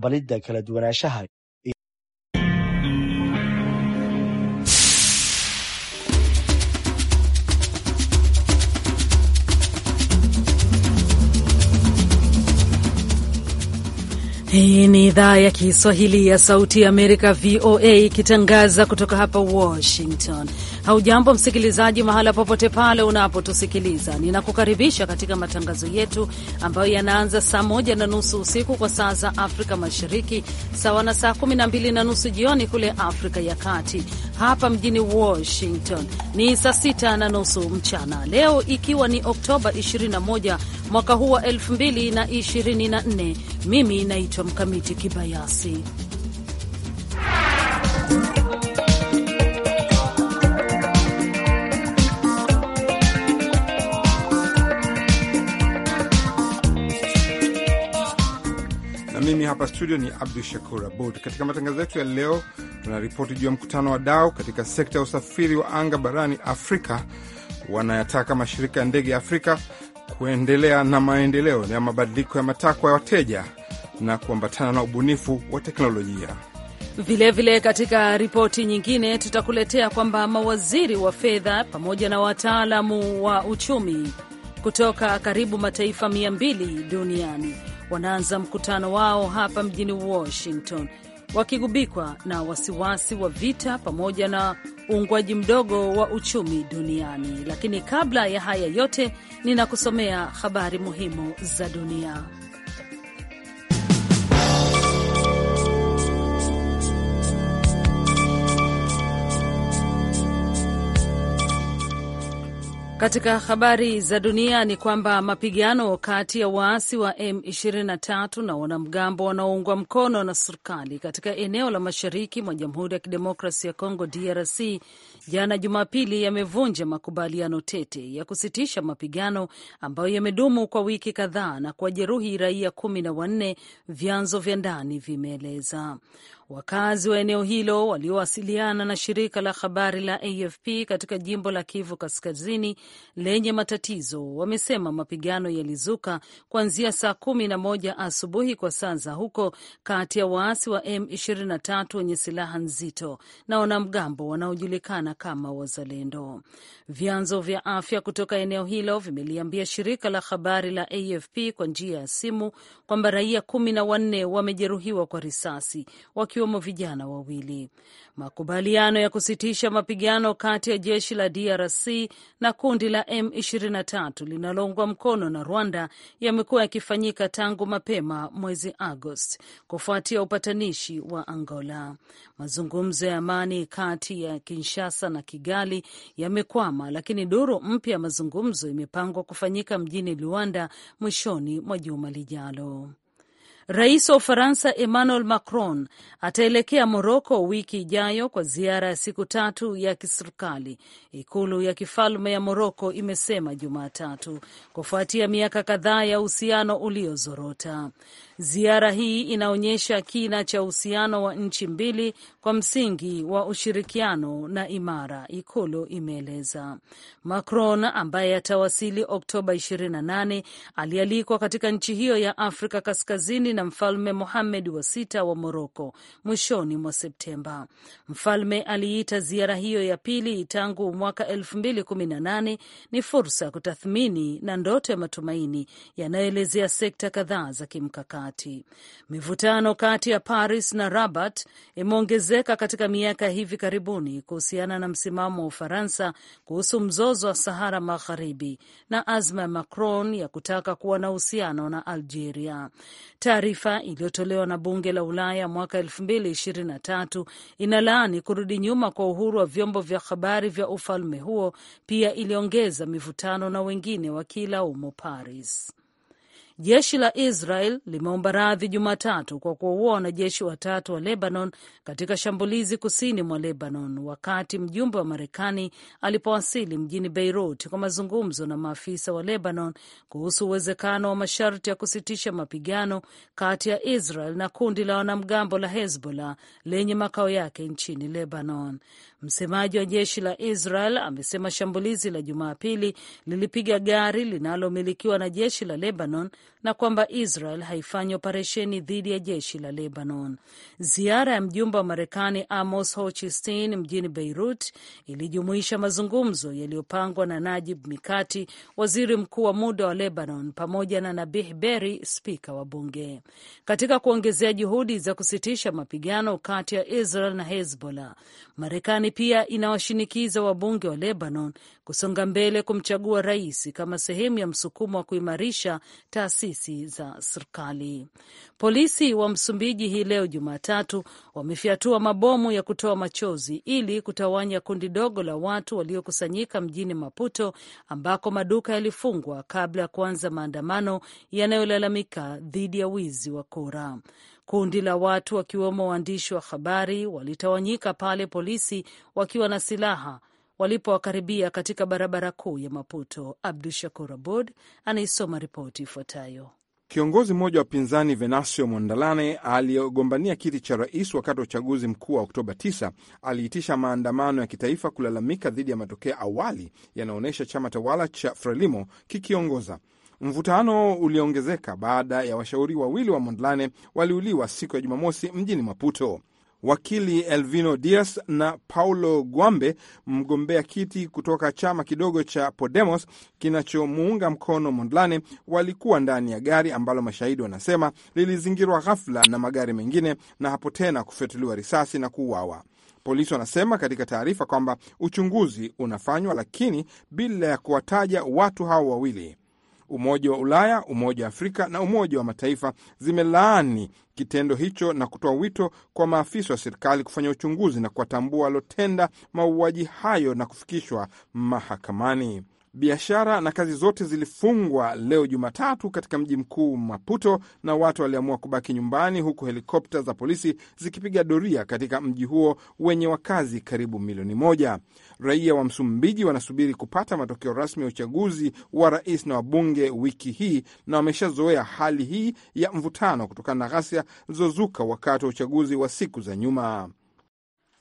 Aqbalida kala duwanaanshaha Hii ni idhaa ya Kiswahili ya Sauti ya Amerika, VOA, ikitangaza kutoka hapa Washington. Haujambo msikilizaji, mahala popote pale unapotusikiliza, ninakukaribisha katika matangazo yetu ambayo yanaanza saa moja na nusu usiku kwa saa za Afrika Mashariki, sawa na saa kumi na mbili na nusu jioni kule Afrika ya Kati. Hapa mjini Washington ni saa sita na nusu mchana, leo ikiwa ni Oktoba 21 mwaka huu wa 2024. Mimi naitwa Mkamiti Kibayasi mimi hapa studio ni Abdu Shakur Abud. Katika matangazo yetu ya leo, ripoti juu ya mkutano wa dao katika sekta ya usafiri wa anga barani Afrika. Wanayataka mashirika ya ndege ya Afrika kuendelea na maendeleo ya mabadiliko ya matakwa ya wateja na kuambatana na ubunifu wa teknolojia. Vilevile vile katika ripoti nyingine tutakuletea kwamba mawaziri wa fedha pamoja na wataalamu wa uchumi kutoka karibu mataifa 200 duniani wanaanza mkutano wao hapa mjini Washington wakigubikwa na wasiwasi wa vita pamoja na uungwaji mdogo wa uchumi duniani. Lakini kabla ya haya yote, ninakusomea habari muhimu za dunia. Katika habari za dunia ni kwamba mapigano kati ya waasi wa M23 na wanamgambo wanaoungwa mkono na serikali katika eneo la mashariki mwa Jamhuri ya Kidemokrasi ya Kongo DRC jana Jumapili yamevunja makubaliano tete ya kusitisha mapigano ambayo yamedumu kwa wiki kadhaa na kuwajeruhi raia kumi na wanne, vyanzo vya ndani vimeeleza. Wakazi wa eneo hilo waliowasiliana na shirika la habari la AFP katika jimbo la Kivu Kaskazini lenye matatizo wamesema mapigano yalizuka kuanzia saa kumi na moja asubuhi kwa saa za huko, kati ya waasi wa M23 wenye silaha nzito na wanamgambo wanaojulikana kama Wazalendo. Vyanzo vya afya kutoka eneo hilo vimeliambia shirika la habari la AFP kwa njia ya simu kwamba raia kumi na wanne wamejeruhiwa kwa risasi waki wakiwemo vijana wawili. Makubaliano ya kusitisha mapigano kati ya jeshi la DRC na kundi la M23 linaloungwa mkono na Rwanda yamekuwa yakifanyika tangu mapema mwezi Agosti kufuatia upatanishi wa Angola. Mazungumzo ya amani kati ya Kinshasa na Kigali yamekwama, lakini duru mpya ya mazungumzo imepangwa kufanyika mjini Luanda mwishoni mwa juma lijalo. Rais wa Ufaransa Emmanuel Macron ataelekea Moroko wiki ijayo kwa ziara ya siku tatu ya kiserikali, ikulu ya kifalme ya Moroko imesema Jumatatu, kufuatia miaka kadhaa ya uhusiano uliozorota. Ziara hii inaonyesha kina cha uhusiano wa nchi mbili kwa msingi wa ushirikiano na imara, ikulu imeeleza. Macron ambaye atawasili Oktoba 28 alialikwa katika nchi hiyo ya Afrika Kaskazini na Mfalme Mohamed wa sita wa Moroko mwishoni mwa Septemba. Mfalme aliita ziara hiyo ya pili tangu mwaka 2018 ni fursa ya kutathmini na ndoto ya matumaini yanayoelezea sekta kadhaa za kimkakati. Mivutano kati ya Paris na Rabat imeongezeka katika miaka hivi karibuni kuhusiana na msimamo wa Ufaransa kuhusu mzozo wa Sahara Magharibi na azma ya Macron ya kutaka kuwa na uhusiano na Algeria. Tari Taarifa iliyotolewa na bunge la Ulaya mwaka 2023 inalaani kurudi nyuma kwa uhuru wa vyombo vya habari vya ufalme huo. Pia iliongeza mivutano na wengine wakilaumu Paris. Jeshi la Israel limeomba radhi Jumatatu kwa kuwaua wanajeshi watatu wa Lebanon katika shambulizi kusini mwa Lebanon, wakati mjumbe wa Marekani alipowasili mjini Beirut kwa mazungumzo na maafisa wa Lebanon kuhusu uwezekano wa masharti ya kusitisha mapigano kati ya Israel na kundi la wanamgambo la Hezbollah lenye makao yake nchini Lebanon. Msemaji wa jeshi la Israel amesema shambulizi la Jumapili lilipiga gari linalomilikiwa na jeshi la Lebanon na kwamba Israel haifanyi operesheni dhidi ya jeshi la Lebanon. Ziara ya mjumbe wa Marekani Amos Hochstein mjini Beirut ilijumuisha mazungumzo yaliyopangwa na Najib Mikati, waziri mkuu wa muda wa Lebanon, pamoja na Nabih Berri, spika wa bunge, katika kuongezea juhudi za kusitisha mapigano kati ya Israel na Hezbollah. Marekani pia inawashinikiza wabunge wa Lebanon kusonga mbele kumchagua rais kama sehemu ya msukumo wa kuimarisha taasisi za serikali. Polisi wa Msumbiji hii leo Jumatatu wamefyatua mabomu ya kutoa machozi ili kutawanya kundi dogo la watu waliokusanyika mjini Maputo ambako maduka yalifungwa kabla ya kuanza maandamano yanayolalamika dhidi ya wizi wa kura. Kundi la watu wakiwemo waandishi wa habari walitawanyika pale polisi wakiwa na silaha walipowakaribia katika barabara kuu ya Maputo. Abdu Shakur Abud anaisoma ripoti ifuatayo. Kiongozi mmoja wa pinzani Venancio Mondlane aliyegombania kiti cha rais wakati wa uchaguzi mkuu wa Oktoba 9 aliitisha maandamano ya kitaifa kulalamika dhidi ya matokeo awali yanaonyesha chama tawala cha Frelimo kikiongoza. Mvutano uliongezeka baada ya washauri wawili wa Mondlane waliuliwa siku ya Jumamosi mjini Maputo. Wakili Elvino Dias na Paulo Guambe, mgombea kiti kutoka chama kidogo cha Podemos kinachomuunga mkono Mondlane, walikuwa ndani ya gari ambalo mashahidi wanasema lilizingirwa ghafla na magari mengine na hapo tena kufyatuliwa risasi na kuuawa. Polisi wanasema katika taarifa kwamba uchunguzi unafanywa, lakini bila ya kuwataja watu hao wawili. Umoja wa Ulaya, Umoja wa Afrika na Umoja wa Mataifa zimelaani kitendo hicho na kutoa wito kwa maafisa wa serikali kufanya uchunguzi na kuwatambua waliotenda mauaji hayo na kufikishwa mahakamani. Biashara na kazi zote zilifungwa leo Jumatatu katika mji mkuu Maputo, na watu waliamua kubaki nyumbani, huku helikopta za polisi zikipiga doria katika mji huo wenye wakazi karibu milioni moja. Raia wa Msumbiji wanasubiri kupata matokeo rasmi ya uchaguzi wa rais na wabunge wiki hii, na wameshazoea hali hii ya mvutano kutokana na ghasia zilizozuka wakati wa uchaguzi wa siku za nyuma.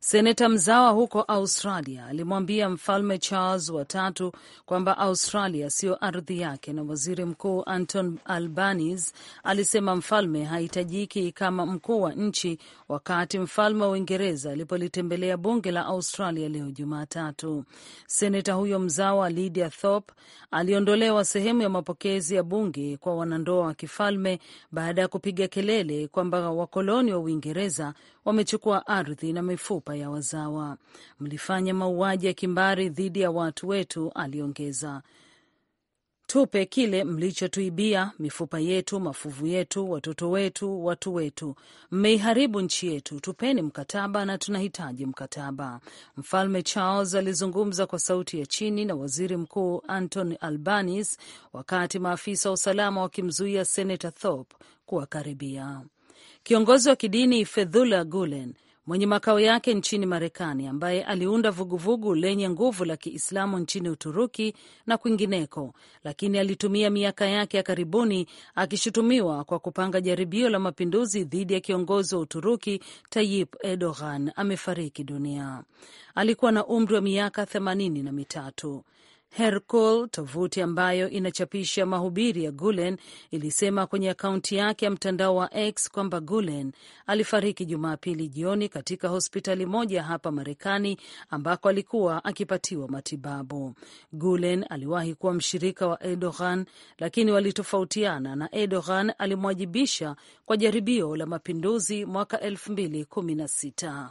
Seneta mzawa huko Australia alimwambia Mfalme Charles watatu kwamba Australia siyo ardhi yake, na waziri mkuu Anton Albanese alisema mfalme hahitajiki kama mkuu wa nchi, wakati mfalme wa Uingereza alipolitembelea bunge la Australia leo Jumatatu. Seneta huyo mzawa Lydia Thorpe aliondolewa sehemu ya mapokezi ya bunge kwa wanandoa wa kifalme baada ya kupiga kelele kwamba wakoloni wa Uingereza wamechukua ardhi na mifupa makopa ya wazawa. Mlifanya mauaji ya kimbari dhidi ya watu wetu, aliongeza. Tupe kile mlichotuibia: mifupa yetu, mafuvu yetu, watoto wetu, watu wetu. Mmeiharibu nchi yetu, tupeni mkataba na tunahitaji mkataba. Mfalme Charles alizungumza kwa sauti ya chini na waziri mkuu Anthony Albanese, wakati maafisa wa usalama wakimzuia Senator Thorpe kuwakaribia. Kiongozi wa kidini Fedhula Gulen mwenye makao yake nchini Marekani, ambaye aliunda vuguvugu lenye nguvu la Kiislamu nchini Uturuki na kwingineko, lakini alitumia miaka yake ya karibuni akishutumiwa kwa kupanga jaribio la mapinduzi dhidi ya kiongozi wa Uturuki Tayyip Erdogan, amefariki dunia. Alikuwa na umri wa miaka themanini na mitatu. Hercule, tovuti ambayo inachapisha mahubiri ya Gulen, ilisema kwenye akaunti yake ya mtandao wa X kwamba Gulen alifariki Jumapili jioni katika hospitali moja hapa Marekani ambako alikuwa akipatiwa matibabu. Gulen aliwahi kuwa mshirika wa Erdogan, lakini walitofautiana na Erdogan alimwajibisha kwa jaribio la mapinduzi mwaka 2016.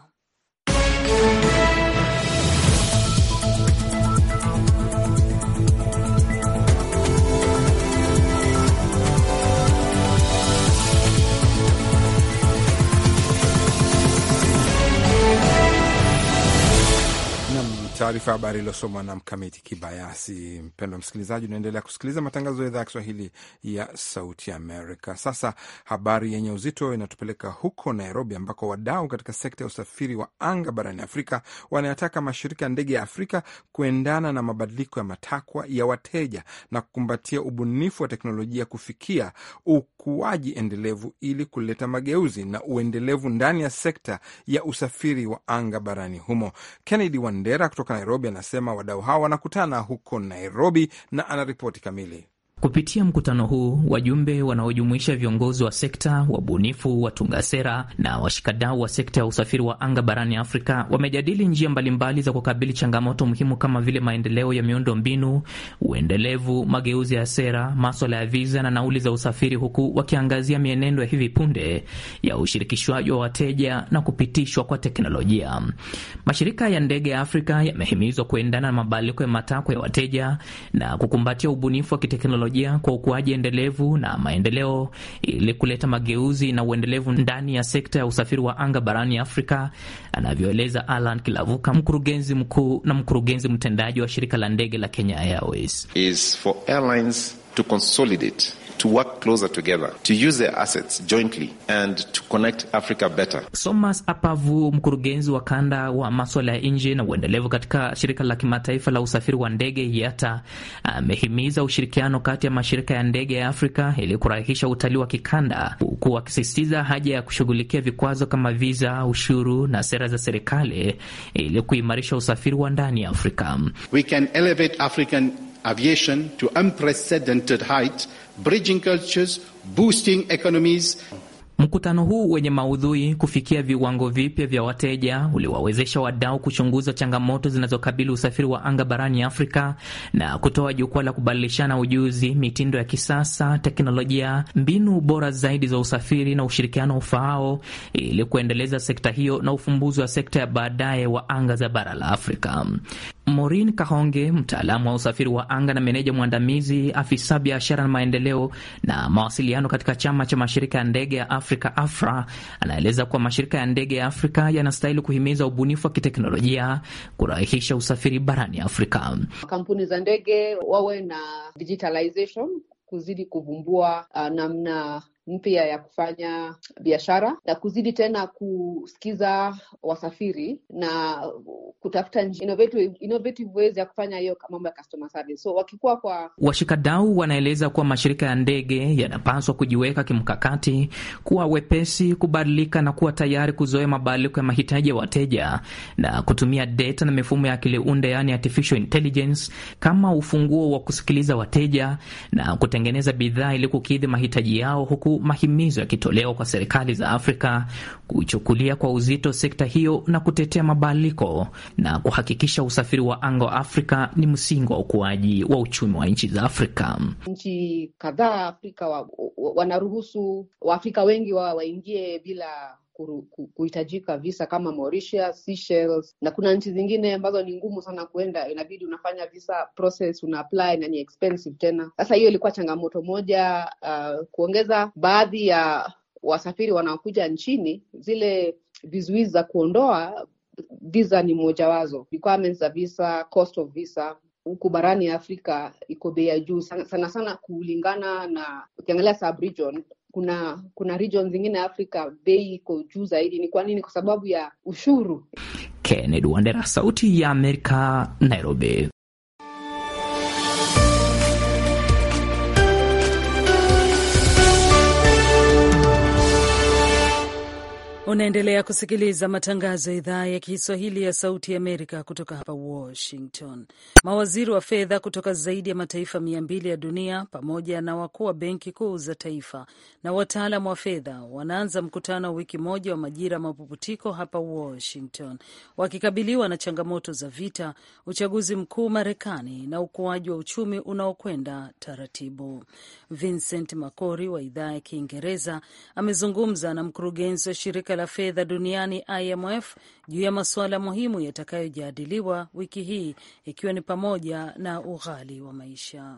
taarifa ya habari iliyosomwa na Mkamiti Kibayasi. Mpendwa msikilizaji, unaendelea kusikiliza matangazo ya idhaa ya Kiswahili ya Sauti Amerika. Sasa habari yenye uzito inatupeleka huko Nairobi, ambako wadau katika sekta ya usafiri wa anga barani Afrika wanayataka mashirika ya ndege ya Afrika kuendana na mabadiliko ya matakwa ya wateja na kukumbatia ubunifu wa teknolojia kufikia uku ukuaji endelevu ili kuleta mageuzi na uendelevu ndani ya sekta ya usafiri wa anga barani humo. Kennedy Wandera kutoka Nairobi anasema wadau hawa wanakutana huko Nairobi na anaripoti kamili. Kupitia mkutano huu wajumbe wanaojumuisha viongozi wa sekta, wabunifu, watunga sera na washikadau wa sekta ya usafiri wa anga barani Afrika wamejadili njia mbalimbali za kukabili changamoto muhimu kama vile maendeleo ya miundo mbinu, uendelevu, mageuzi ya sera, maswala ya viza na nauli za usafiri, huku wakiangazia mienendo ya hivi punde ya ushirikishwaji wa wateja na kupitishwa kwa teknolojia. Mashirika ya ndege ya Afrika yamehimizwa kuendana na mabadiliko ya matakwa ya wateja na kukumbatia ubunifu wa kiteknolojia teknolojia kwa ukuaji endelevu na maendeleo ili kuleta mageuzi na uendelevu ndani ya sekta ya usafiri wa anga barani Afrika, anavyoeleza Alan Kilavuka, mkurugenzi mkuu na mkurugenzi mtendaji wa shirika la ndege la Kenya Airways. Is for airlines to consolidate to work closer together, to use their assets jointly and to connect Africa better. Somas Apavu, mkurugenzi wa kanda wa maswala ya nje na uendelevu katika shirika la kimataifa la usafiri wa ndege IATA, amehimiza ushirikiano kati ya mashirika ya ndege ya Afrika ili kurahisisha utalii wa kikanda, huku akisisitiza haja ya kushughulikia vikwazo kama viza, ushuru na sera za serikali ili kuimarisha usafiri wa ndani ya Afrika. We can elevate African aviation to unprecedented height, bridging cultures, boosting economies. Mkutano huu wenye maudhui kufikia viwango vipya vya wateja uliwawezesha wadau kuchunguza changamoto zinazokabili usafiri wa anga barani Afrika na kutoa jukwaa la kubadilishana ujuzi, mitindo ya kisasa, teknolojia, mbinu bora zaidi za usafiri na ushirikiano ufaao, ili kuendeleza sekta hiyo na ufumbuzi wa sekta ya baadaye wa anga za bara la Afrika. Maureen Kahonge, mtaalamu wa usafiri wa anga na meneja mwandamizi, afisa biashara na maendeleo na mawasiliano katika chama cha mashirika ya ndege ya Afrika, AFRA, anaeleza kuwa mashirika ya ndege ya Afrika yanastahili kuhimiza ubunifu wa kiteknolojia kurahisisha usafiri barani Afrika. Kampuni za ndege wawe na digitalization, kuzidi kuvumbua uh, namna mpya ya kufanya biashara na kuzidi tena kusikiza wasafiri na kutafuta innovative, ways ya kufanya hiyo mambo ya customer service. So wakikuwa kwa washikadau wanaeleza kuwa mashirika ya ndege yanapaswa kujiweka kimkakati kuwa wepesi kubadilika na kuwa tayari kuzoea mabadiliko ya mahitaji ya wateja na kutumia data na mifumo ya akili unde, yani artificial intelligence, kama ufunguo wa kusikiliza wateja na kutengeneza bidhaa ili kukidhi mahitaji yao huku mahimizo yakitolewa kwa serikali za Afrika kuichukulia kwa uzito sekta hiyo na kutetea mabadiliko na kuhakikisha usafiri wa anga wa Afrika ni msingi wa ukuaji wa uchumi wa nchi za Afrika. Nchi kadhaa Afrika wa, wa, wanaruhusu Waafrika wengi waingie bila kuhitajika visa kama Mauritius, Seychelles, na kuna nchi zingine ambazo ni ngumu sana kuenda, inabidi unafanya visa process, una apply na ni expensive tena. Sasa hiyo ilikuwa changamoto moja uh, kuongeza baadhi ya wasafiri wanaokuja nchini, zile vizuizi za kuondoa visa ni mojawazo, requirements za visa, cost of visa huku barani Afrika iko bei ya juu sana, sana sana kulingana na ukiangalia sub region kuna kuna region zingine Afrika bei iko juu zaidi. Ni kwa nini? Kwa sababu ya ushuru. Kennedy Wandera, Sauti ya Amerika, Nairobi. Unaendelea kusikiliza matangazo ya idhaa ya Kiswahili ya Sauti ya Amerika kutoka hapa Washington. Mawaziri wa fedha kutoka zaidi ya mataifa mia mbili ya dunia pamoja na wakuu wa benki kuu za taifa na wataalam wa fedha wanaanza mkutano wa wiki moja wa majira mapuputiko hapa Washington, wakikabiliwa na changamoto za vita, uchaguzi mkuu Marekani na ukuaji wa uchumi unaokwenda taratibu. Vincent Makori wa idhaa ya Kiingereza amezungumza na mkurugenzi wa shirika shirika la fedha duniani IMF juu ya masuala muhimu yatakayojadiliwa wiki hii ikiwa ni pamoja na ughali wa maisha.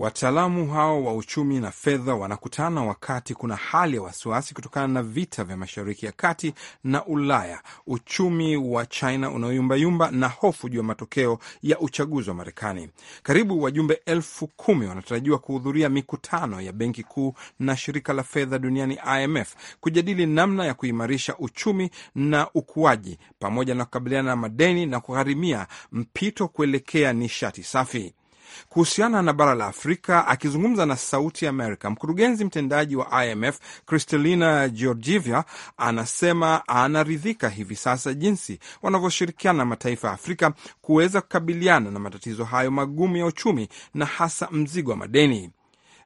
Wataalamu hao wa uchumi na fedha wanakutana wakati kuna hali ya wasiwasi kutokana na vita vya Mashariki ya Kati na Ulaya, uchumi wa China unaoyumbayumba na hofu juu ya matokeo ya uchaguzi wa Marekani. Karibu wajumbe elfu kumi wanatarajiwa kuhudhuria mikutano ya Benki Kuu na Shirika la Fedha Duniani, IMF, kujadili namna ya kuimarisha uchumi na ukuaji pamoja na kukabiliana na madeni na kugharimia mpito kuelekea nishati safi kuhusiana na bara la Afrika. Akizungumza na Sauti Amerika, mkurugenzi mtendaji wa IMF Kristalina Georgieva anasema anaridhika hivi sasa jinsi wanavyoshirikiana na mataifa ya Afrika kuweza kukabiliana na matatizo hayo magumu ya uchumi na hasa mzigo wa madeni.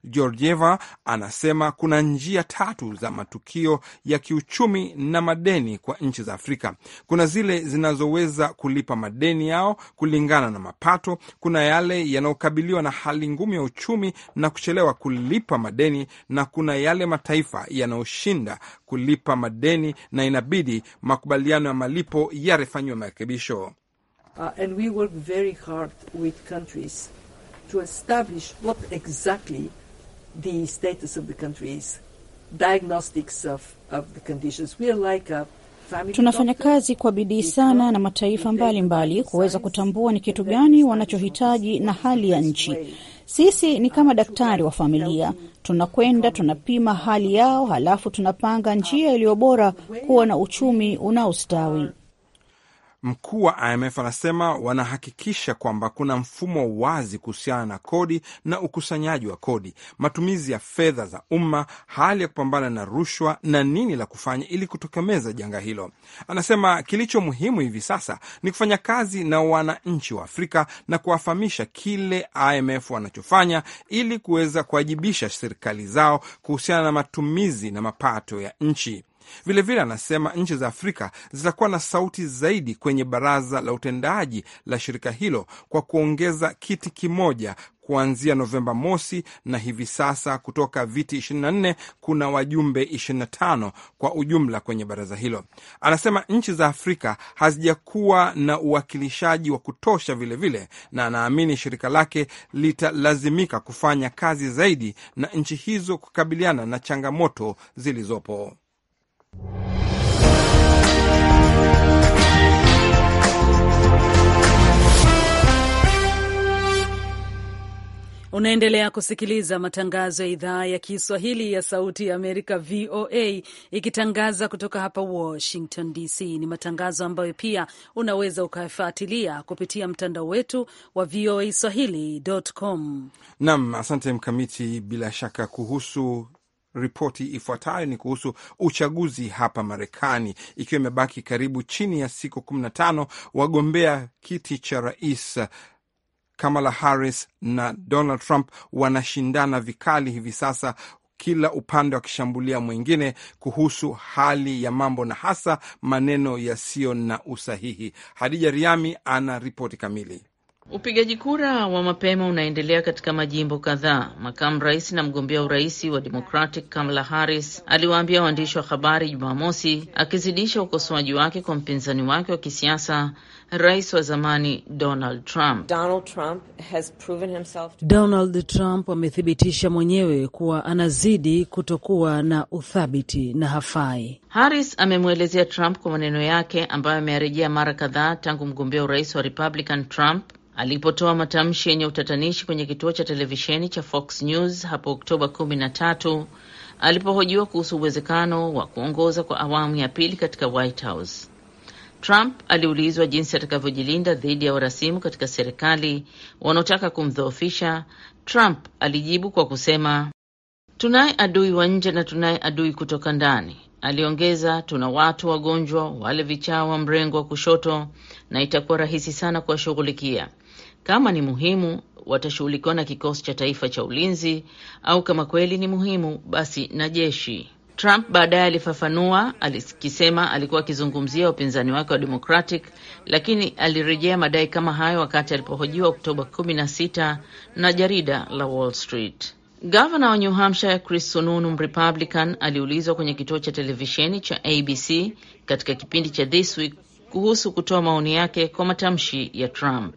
Georgieva anasema kuna njia tatu za matukio ya kiuchumi na madeni kwa nchi za Afrika. Kuna zile zinazoweza kulipa madeni yao kulingana na mapato, kuna yale yanayokabiliwa na hali ngumu ya uchumi na kuchelewa kulipa madeni, na kuna yale mataifa yanayoshinda kulipa madeni na inabidi makubaliano ya malipo yarefanyiwe marekebisho. Uh, and we work very hard with countries to establish what exactly the status of the countries, diagnostics of, of the conditions. We are like a Tunafanya kazi kwa bidii sana na mataifa mbalimbali kuweza kutambua ni kitu gani wanachohitaji na hali ya nchi. Sisi ni kama daktari wa familia, tunakwenda tunapima hali yao, halafu tunapanga njia iliyo bora kuwa na uchumi unaostawi. Mkuu wa IMF anasema wanahakikisha kwamba kuna mfumo wazi kuhusiana na kodi na ukusanyaji wa kodi, matumizi ya fedha za umma, hali ya kupambana na rushwa na nini la kufanya ili kutokomeza janga hilo. Anasema kilicho muhimu hivi sasa ni kufanya kazi na wananchi wa Afrika na kuwafahamisha kile IMF wanachofanya ili kuweza kuwajibisha serikali zao kuhusiana na matumizi na mapato ya nchi. Vilevile anasema nchi za Afrika zitakuwa na sauti zaidi kwenye baraza la utendaji la shirika hilo kwa kuongeza kiti kimoja kuanzia Novemba mosi, na hivi sasa kutoka viti 24 kuna wajumbe 25 kwa ujumla kwenye baraza hilo. Anasema nchi za Afrika hazijakuwa na uwakilishaji wa kutosha vilevile vile, na anaamini shirika lake litalazimika kufanya kazi zaidi na nchi hizo kukabiliana na changamoto zilizopo. Unaendelea kusikiliza matangazo ya idhaa ya Kiswahili ya Sauti ya Amerika, VOA, ikitangaza kutoka hapa Washington DC. Ni matangazo ambayo pia unaweza ukayafuatilia kupitia mtandao wetu wa VOA swahili.com. nam asante Mkamiti. Bila shaka kuhusu ripoti ifuatayo ni kuhusu uchaguzi hapa Marekani, ikiwa imebaki karibu chini ya siku 15 wagombea kiti cha rais Kamala Harris na Donald Trump wanashindana vikali hivi sasa, kila upande wakishambulia mwingine kuhusu hali ya mambo na hasa maneno yasiyo na usahihi. Hadija Riami ana ripoti kamili. Upigaji kura wa mapema unaendelea katika majimbo kadhaa. Makamu rais na mgombea urais wa Democratic Kamala Harris aliwaambia waandishi wa habari Jumamosi, akizidisha ukosoaji wake kwa mpinzani wake wa kisiasa rais wa zamani Donald Trump. Donald Trump has proven himself to... Donald Trump amethibitisha mwenyewe kuwa anazidi kutokuwa na uthabiti na hafai. Harris amemwelezea Trump kwa maneno yake ambayo ameyarejea mara kadhaa tangu mgombea urais wa Republican Trump alipotoa matamshi yenye utatanishi kwenye kituo cha televisheni cha Fox News hapo Oktoba 13 alipohojiwa kuhusu uwezekano wa kuongoza kwa awamu ya pili katika White House. Trump aliulizwa jinsi atakavyojilinda dhidi ya warasimu katika serikali wanaotaka kumdhoofisha. Trump alijibu kwa kusema, tunaye adui wa nje na tunaye adui kutoka ndani. Aliongeza, tuna watu wagonjwa, wale vichaa wa mrengo wa kushoto, na itakuwa rahisi sana kuwashughulikia. Kama ni muhimu, watashughulikiwa na kikosi cha taifa cha ulinzi, au kama kweli ni muhimu, basi na jeshi. Trump baadaye alifafanua alikisema alikuwa akizungumzia upinzani wake wa Democratic, lakini alirejea madai kama hayo wakati alipohojiwa Oktoba 16 na jarida la Wall Street. Gavana wa New Hampshire Chris Sununu Mrepublican aliulizwa kwenye kituo cha televisheni cha ABC katika kipindi cha This Week kuhusu kutoa maoni yake kwa matamshi ya Trump.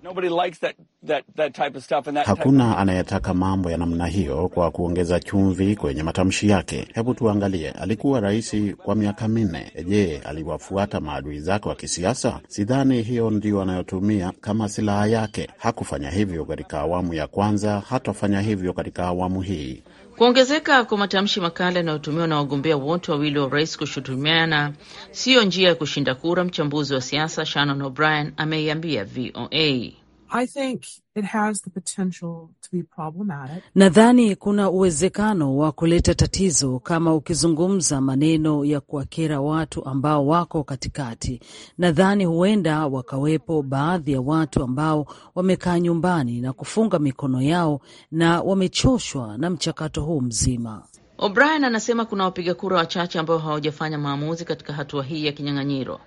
hakuna anayetaka mambo ya namna hiyo, kwa kuongeza chumvi kwenye matamshi yake. Hebu tuangalie, alikuwa rais kwa miaka minne. Je, aliwafuata maadui zake wa kisiasa? Sidhani hiyo ndio anayotumia kama silaha yake. Hakufanya hivyo katika awamu ya kwanza, hatafanya hivyo katika awamu hii. Kuongezeka kwa matamshi makali yanayotumiwa na wagombea wote wawili wa urais kushutumiana siyo njia ya kushinda kura. Mchambuzi wa siasa Shannon O'Brien ameiambia VOA I think it has the potential to be problematic. Nadhani kuna uwezekano wa kuleta tatizo kama ukizungumza maneno ya kuwakera watu ambao wako katikati. Nadhani huenda wakawepo baadhi ya watu ambao wamekaa nyumbani na kufunga mikono yao na wamechoshwa na mchakato huu mzima. O'Brien anasema kuna wapiga kura wachache ambao hawajafanya maamuzi katika hatua hii ya kinyang'anyiro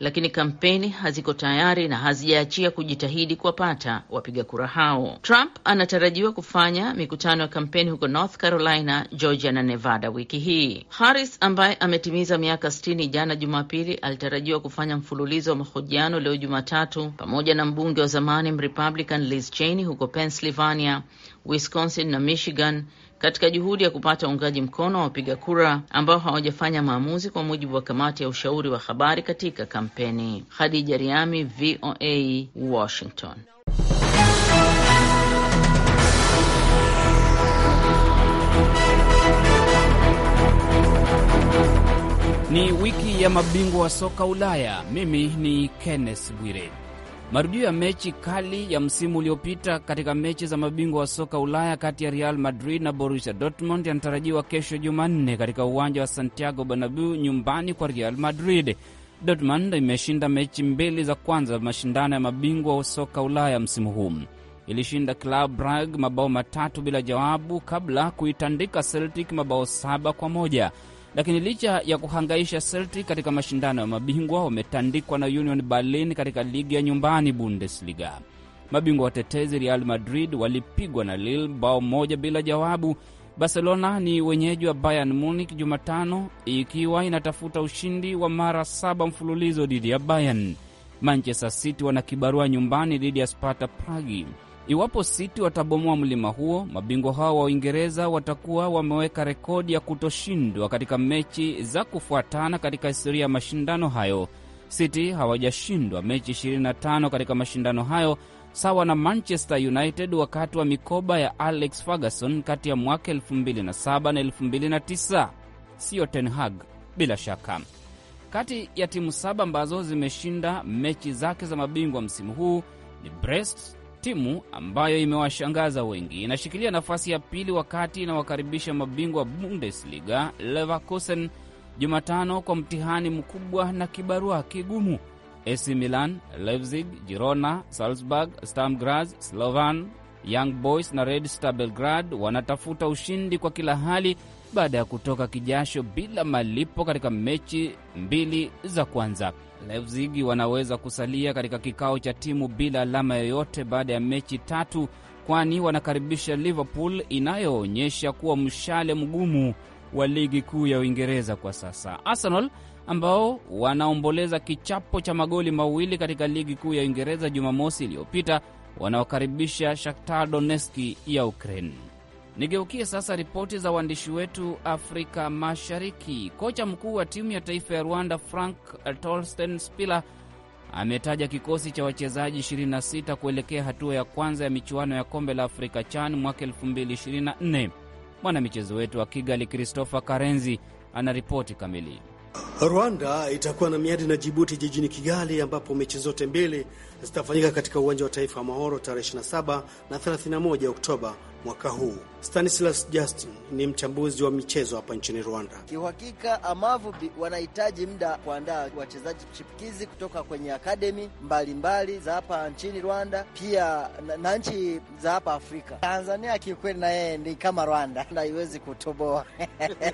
lakini kampeni haziko tayari na hazijaachia kujitahidi kuwapata wapiga kura hao. Trump anatarajiwa kufanya mikutano ya kampeni huko North Carolina, Georgia na Nevada wiki hii. Harris ambaye ametimiza miaka 60 jana Jumapili alitarajiwa kufanya mfululizo wa mahojiano leo Jumatatu pamoja na mbunge wa zamani Mrepublican Liz Cheney huko Pennsylvania, Wisconsin na Michigan katika juhudi ya kupata uungaji mkono wa wapiga kura ambao hawajafanya maamuzi, kwa mujibu wa kamati ya ushauri wa habari katika kampeni. Khadija Riami, VOA, Washington. Ni wiki ya mabingwa wa soka Ulaya. Mimi ni Kenneth Bwire. Marudio ya mechi kali ya msimu uliopita katika mechi za mabingwa wa soka Ulaya kati ya Real Madrid na Borussia Dortmund yanatarajiwa kesho Jumanne katika uwanja wa Santiago Bernabeu, nyumbani kwa Real Madrid. Dortmund imeshinda mechi mbili za kwanza za mashindano ya mabingwa wa soka Ulaya msimu huu. Ilishinda Club Brugge mabao matatu bila jawabu kabla kuitandika Celtic mabao saba kwa moja. Lakini licha ya kuhangaisha Celtic katika mashindano ya mabingwa, wametandikwa na Union Berlin katika ligi ya nyumbani Bundesliga. Mabingwa watetezi Real Madrid walipigwa na Lille bao moja bila jawabu. Barcelona ni wenyeji wa Bayern Munich Jumatano, ikiwa inatafuta ushindi wa mara saba mfululizo dhidi ya Bayern. Manchester City wana kibarua nyumbani dhidi ya Sparta Pragi. Iwapo City watabomoa mlima huo, mabingwa hao wa Uingereza watakuwa wameweka rekodi ya kutoshindwa katika mechi za kufuatana katika historia ya mashindano hayo. City hawajashindwa mechi 25 katika mashindano hayo, sawa na Manchester United wakati wa mikoba ya Alex Ferguson kati ya mwaka 2007 na 2009, siyo Ten Hag bila shaka. Kati ya timu saba ambazo zimeshinda mechi zake za mabingwa msimu huu ni Brest timu ambayo imewashangaza wengi inashikilia nafasi ya pili wakati inawakaribisha mabingwa Bundesliga Leverkusen Jumatano kwa mtihani mkubwa na kibarua kigumu. AC Milan, Leipzig, Girona, Salzburg, Sturm Graz, Slovan, Young Boys na Red Star wanatafuta ushindi kwa kila hali baada ya kutoka kijasho bila malipo katika mechi mbili za kwanza. Leipzig wanaweza kusalia katika kikao cha timu bila alama yoyote baada ya mechi tatu, kwani wanakaribisha Liverpool inayoonyesha kuwa mshale mgumu wa ligi kuu ya Uingereza kwa sasa. Arsenal ambao wanaomboleza kichapo cha magoli mawili katika ligi kuu ya Uingereza Jumamosi iliyopita wanaokaribisha Shakhtar Donetsk ya Ukraine. Nigeukie sasa ripoti za waandishi wetu Afrika Mashariki. Kocha mkuu wa timu ya taifa ya Rwanda Frank Tolsten Spila ametaja kikosi cha wachezaji 26 kuelekea hatua ya kwanza ya michuano ya kombe la Afrika CHAN mwaka 2024. Mwanamichezo wetu wa Kigali Christopher Karenzi ana ripoti kamili. Rwanda itakuwa na miadi na Jibuti jijini Kigali, ambapo mechi zote mbili zitafanyika katika uwanja wa taifa wa Mahoro tarehe 27 na 31 Oktoba mwaka huu. Stanislas Justin ni mchambuzi wa michezo hapa nchini Rwanda. Kiuhakika Amavubi wanahitaji muda kuandaa wachezaji chipukizi kutoka kwenye akademi mbalimbali za hapa nchini Rwanda, pia na, nchi za hapa Afrika. Tanzania kiukweli na yeye ni kama Rwanda, haiwezi kutoboa.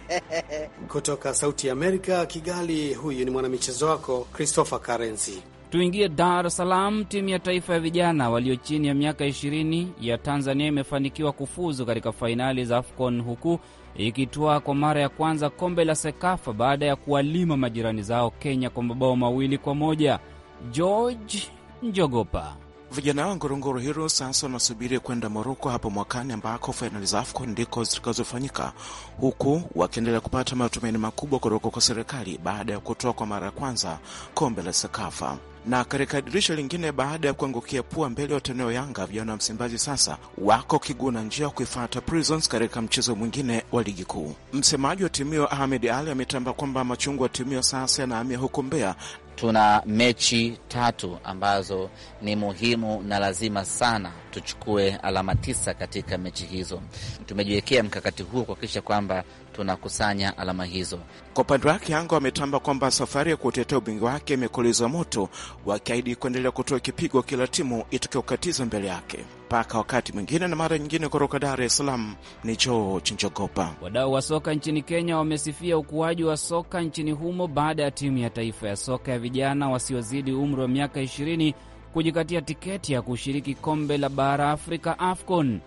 Kutoka Sauti ya Amerika, Kigali, huyu ni mwanamichezo wako Christopher Karenzi. Tuingie Dar es Salaam. Timu ya taifa ya vijana walio chini ya miaka 20 ya Tanzania imefanikiwa kufuzu katika fainali za AFCON huku ikitwaa kwa mara ya kwanza kombe la SEKAFA baada ya kuwalima majirani zao Kenya kwa mabao mawili kwa moja. George Njogopa Vijana wa Ngorongoro Hero sasa wanasubiri kwenda Moroko hapo mwakani ambako fainali za AFCON ndiko zitakazofanyika, huku wakiendelea kupata matumaini makubwa kutoka kwa serikali baada ya kutoa kwa mara ya kwanza kombe la Sekafa na katika dirisha lingine, baada ya kuangukia pua mbele ya wataneo Yanga, vijana wa Msimbazi sasa wako kiguna njia kuifata Prisons katika mchezo mwingine wa ligi kuu. Msemaji wa timu hiyo Ahmed Ali ametamba kwamba machungu wa timu hiyo sasa yanahamia huko Mbeya tuna mechi tatu ambazo ni muhimu na lazima sana tuchukue alama tisa katika mechi hizo. Tumejiwekea mkakati huu kuhakikisha kwamba tunakusanya alama hizo. Kwa upande wake, Yanga wametamba kwamba safari ya kutetea ubingwa wake imekolezwa moto, wakiahidi kuendelea kutoa kipigo kila timu itakayokatiza mbele yake mpaka wakati mwingine na mara nyingine. Kutoka Dar es Salaam ni choo chinjogopa Wadau wa soka nchini Kenya wamesifia ukuaji wa soka nchini humo baada ya timu ya taifa ya soka ya vijana wasiozidi umri wa miaka ishirini kujikatia tiketi ya kushiriki kombe la bara Afrika, AFCON.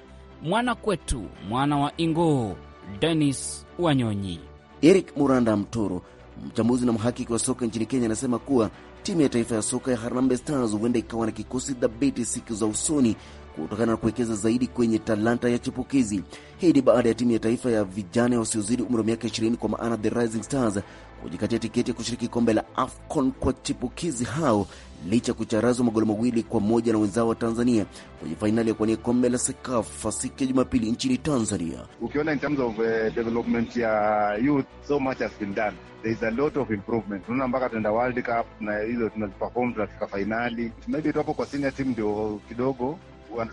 Mwana kwetu mwana wa ingo Denis Wanyonyi. Eric Muranda Mtoro, mchambuzi na mhakiki wa soka nchini Kenya, anasema kuwa timu ya taifa ya soka ya Harambee Stars huenda ikawa na kikosi dhabiti siku za usoni kutokana na kuwekeza zaidi kwenye talanta ya chipukizi. Hii ni baada ya timu ya taifa ya vijana wasiozidi umri wa miaka 20 kwa maana The Rising Stars kujikatia tiketi ya kushiriki kombe la AFCON kwa chipukizi hao licha ya kucharazwa magoli mawili kwa moja na wenzao wa Tanzania kwenye fainali ya kuwania kombe la Sekafa siku ya Jumapili nchini Tanzania. Ukiona in terms of uh, development ya youth so much has been done there is a lot of improvement. Tunaona mpaka tunaenda World Cup na hizo tunaziperform, tunafika fainali. Maybe tuapo kwa senior team ndio kidogo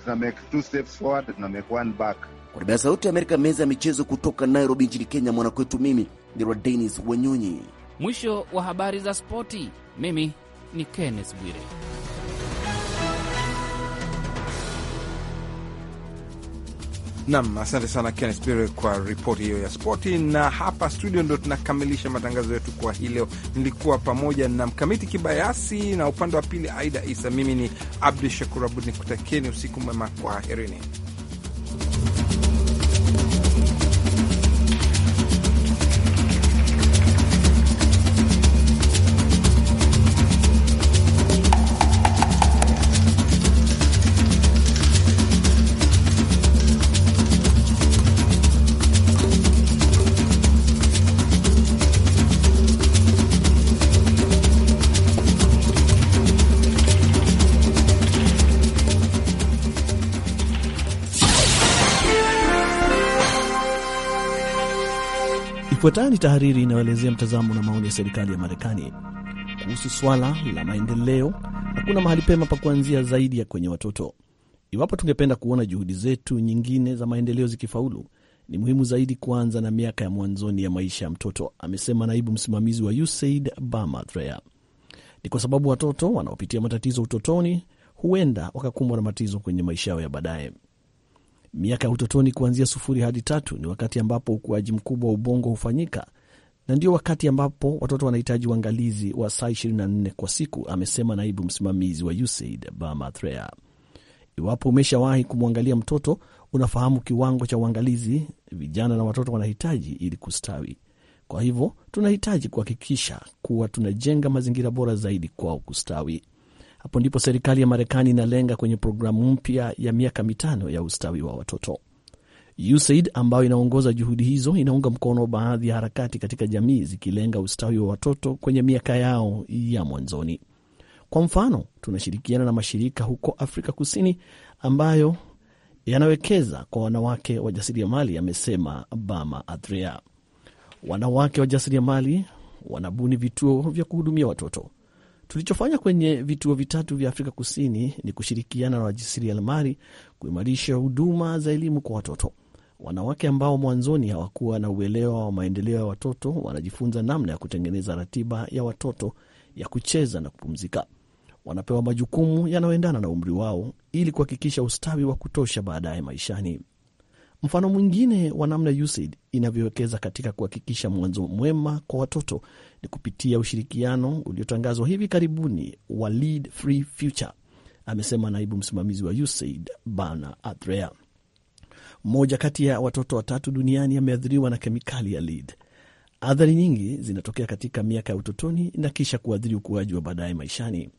tuna make two steps forward, tuna make one back. Kwa niaba ya Sauti ya Amerika, meza ya michezo kutoka Nairobi nchini Kenya, mwanakwetu mimi ni Denis Wanyonyi. Mwisho wa habari za spoti. Mimi ni Kenneth Bwire. Nam, asante sana Kennes Bire kwa ripoti hiyo ya spoti. Na hapa studio ndo tunakamilisha matangazo yetu kwa hii leo. Nilikuwa pamoja na Mkamiti Kibayasi na upande wa pili Aida Isa. Mimi ni Abdu Shakur Abud kutakieni usiku mwema, kwa herini. Ifuatayo ni tahariri inayoelezea mtazamo na maoni ya serikali ya Marekani kuhusu swala la maendeleo. Hakuna mahali pema pa kuanzia zaidi ya kwenye watoto. Iwapo tungependa kuona juhudi zetu nyingine za maendeleo zikifaulu, ni muhimu zaidi kuanza na miaka ya mwanzoni ya maisha ya mtoto, amesema naibu msimamizi wa USAID Bama Threa. Ni kwa sababu watoto wanaopitia matatizo utotoni huenda wakakumbwa na matatizo kwenye maisha yao ya baadaye. Miaka ya utotoni kuanzia sufuri hadi tatu ni wakati ambapo ukuaji mkubwa wa ubongo hufanyika na ndio wakati ambapo watoto wanahitaji uangalizi wa saa 24 kwa siku, amesema naibu msimamizi wa USAID Bamathrea. Iwapo umeshawahi kumwangalia mtoto, unafahamu kiwango cha uangalizi vijana na watoto wanahitaji ili kustawi. Kwa hivyo tunahitaji kuhakikisha kuwa tunajenga mazingira bora zaidi kwao kustawi. Hapo ndipo serikali ya Marekani inalenga kwenye programu mpya ya miaka mitano ya ustawi wa watoto. USAID ambayo inaongoza juhudi hizo inaunga mkono baadhi ya harakati katika jamii zikilenga ustawi wa watoto kwenye miaka yao ya mwanzoni. Kwa mfano, tunashirikiana na mashirika huko Afrika Kusini ambayo yanawekeza kwa wanawake wajasiriamali, amesema Bama adrea Wanawake wajasiriamali wanabuni vituo vya kuhudumia watoto Tulichofanya kwenye vituo vitatu vya Afrika Kusini ni kushirikiana na wajasiriamali kuimarisha huduma za elimu kwa watoto. Wanawake ambao mwanzoni hawakuwa na uelewa wa maendeleo ya watoto wanajifunza namna ya kutengeneza ratiba ya watoto ya kucheza na kupumzika. Wanapewa majukumu yanayoendana na umri wao ili kuhakikisha ustawi wa kutosha baadaye maishani. Mfano mwingine wa namna USAID inavyowekeza katika kuhakikisha mwanzo mwema kwa watoto ni kupitia ushirikiano uliotangazwa hivi karibuni wa Lead Free Future, amesema naibu msimamizi wa USAID Bana Adrea. Mmoja kati ya watoto watatu duniani ameathiriwa na kemikali ya lead. Athari nyingi zinatokea katika miaka ya utotoni na kisha kuathiri ukuaji wa baadaye maishani.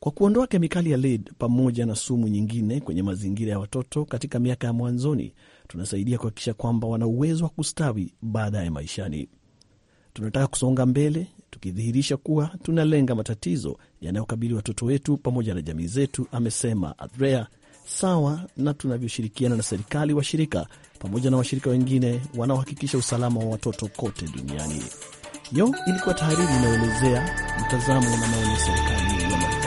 Kwa kuondoa kemikali ya lead pamoja na sumu nyingine kwenye mazingira ya watoto katika miaka ya mwanzoni, tunasaidia kuhakikisha kwamba wana uwezo wa kustawi baadaye maishani. Tunataka kusonga mbele tukidhihirisha kuwa tunalenga matatizo yanayokabili watoto wetu pamoja na jamii zetu, amesema adrea Sawa na tunavyoshirikiana na serikali, washirika pamoja na washirika wengine wanaohakikisha usalama wa watoto kote duniani. Yo ilikuwa tahariri inayoelezea mtazamo na maoni ya serikali.